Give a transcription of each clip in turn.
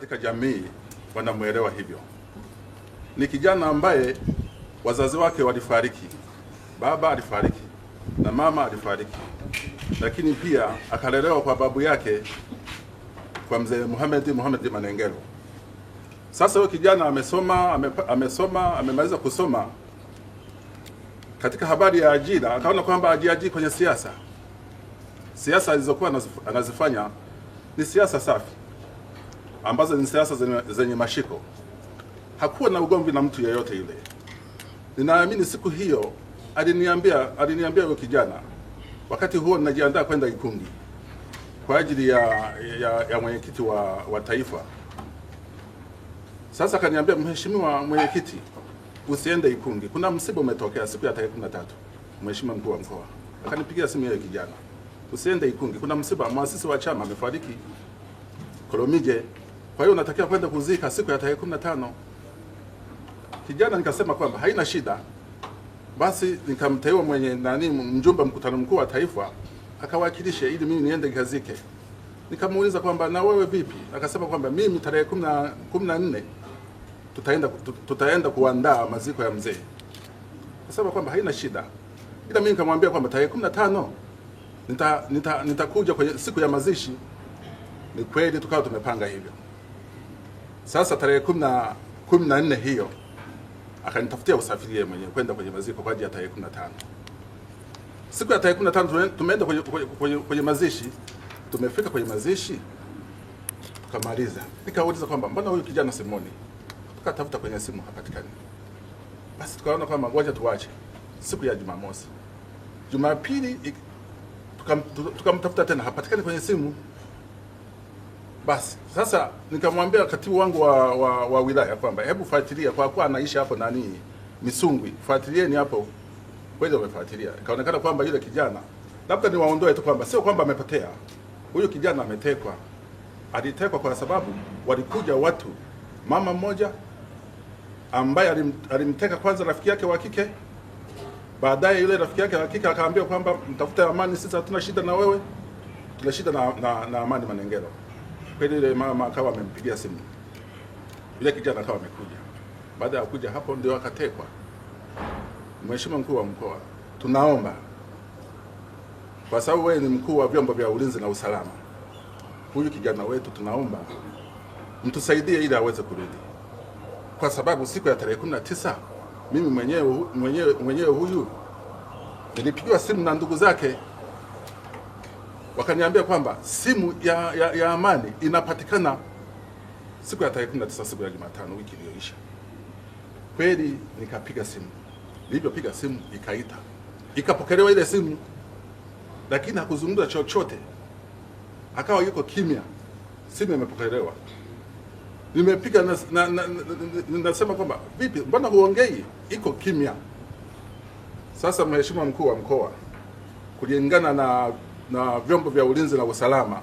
katika jamii wanamwelewa hivyo. Ni kijana ambaye wazazi wake walifariki, baba alifariki na mama alifariki, lakini pia akalelewa kwa babu yake, kwa mzee Muhammad Muhammad Manengero. Sasa huyo kijana amesoma, ame, amesoma amemaliza kusoma. Katika habari ya ajira, akaona kwamba ajiajii kwenye siasa. Siasa alizokuwa anazifanya ni siasa safi ambazo ni siasa zenye, zenye mashiko. Hakuwa na ugomvi na mtu yeyote ile. Ninaamini siku hiyo aliniambia, aliniambia yule kijana, wakati huo ninajiandaa kwenda Ikungi kwa ajili ya, ya, ya mwenyekiti wa, wa taifa. Sasa kaniambia, mheshimiwa mwenyekiti, usiende Ikungi, kuna msiba umetokea siku ya tarehe 13. Mheshimiwa mkuu wa mkoa akanipigia simu yule kijana, usiende Ikungi, kuna msiba, mwasisi wa chama amefariki Kolomije. Kwa hiyo unatakiwa kwenda kuzika siku ya tarehe kumi na tano. Kijana nikasema kwamba haina shida, basi nikamteua mwenye nani, mjumbe mkutano mkuu wa taifa akawakilishe, ili mimi niende kazike. Nikamuuliza kwamba na wewe vipi? Akasema kwamba mimi tarehe kumi na nne tutaenda, tutaenda kuandaa maziko ya mzee. Akasema kwamba haina shida, ila mimi nikamwambia kwamba tarehe kumi na tano nitakuja nita, nita kwenye siku ya mazishi. Ni kweli tukawa tumepanga hivyo. Sasa tarehe kumi na nne hiyo akanitafutia usafiri yeye mwenyewe kwenda kwenye maziko kwa ajili ya tarehe kumi na tano. Siku ya tarehe kumi na tano tumeenda kwenye, kwenye, kwenye, kwenye mazishi. Tumefika kwenye mazishi tukamaliza, nikauliza kwamba mbona huyu kijana Simoni, tukatafuta kwenye simu hapatikani. Basi tukaona kwamba ngoja tuwache siku ya Jumamosi. Jumapili tukamtafuta tuka tena hapatikani kwenye simu. Basi sasa nikamwambia katibu wangu wa, wa, wa wilaya kwamba hebu fuatilia, kwa kuwa anaishi hapo nani Misungwi, fuatilieni hapo. Kweli wamefuatilia, ikaonekana kwamba yule kijana, labda niwaondoe tu kwamba sio kwamba amepotea, huyu kijana ametekwa. Alitekwa kwa sababu walikuja watu, mama mmoja ambaye alim, alimteka kwanza rafiki yake wa kike, baadaye yule rafiki yake wa kike akaambia kwamba mtafute amani, sisi hatuna shida na wewe, tuna shida na, na, na amani Manengero. Kweli yule mama akawa amempigia simu yule kijana, akawa amekuja. Baada ya kuja hapo, ndio akatekwa. Mheshimiwa mkuu wa mkoa, tunaomba kwa sababu wewe ni mkuu wa vyombo vya ulinzi na usalama, huyu kijana wetu tunaomba mtusaidie ili aweze kurudi, kwa sababu siku ya tarehe kumi na tisa mimi mwenyewe mwenyewe mwenyewe huyu nilipigiwa simu na ndugu zake wakaniambia kwamba simu ya, ya, ya amani inapatikana siku ya tarehe 19 siku ya Jumatano wiki iliyoisha. Kweli nikapiga simu, nilivyopiga simu ikaita, ikapokelewa ile simu, lakini hakuzungumza chochote, akawa yuko kimya. Simu imepokelewa, nimepiga na, na, na, nasema kwamba vipi, mbona huongei? Iko kimya. Sasa Mheshimiwa Mkuu wa Mkoa, kulingana na na vyombo vya ulinzi na usalama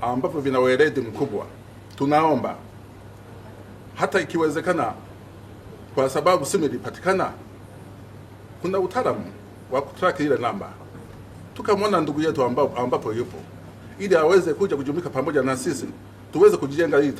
ambavyo vina weledi mkubwa. Tunaomba hata ikiwezekana, kwa sababu simu ilipatikana, kuna utaalamu wa kutrack ile namba, tukamwona ndugu yetu ambapo, ambapo yupo ili aweze kuja kujumika pamoja na sisi tuweze kujijenga hii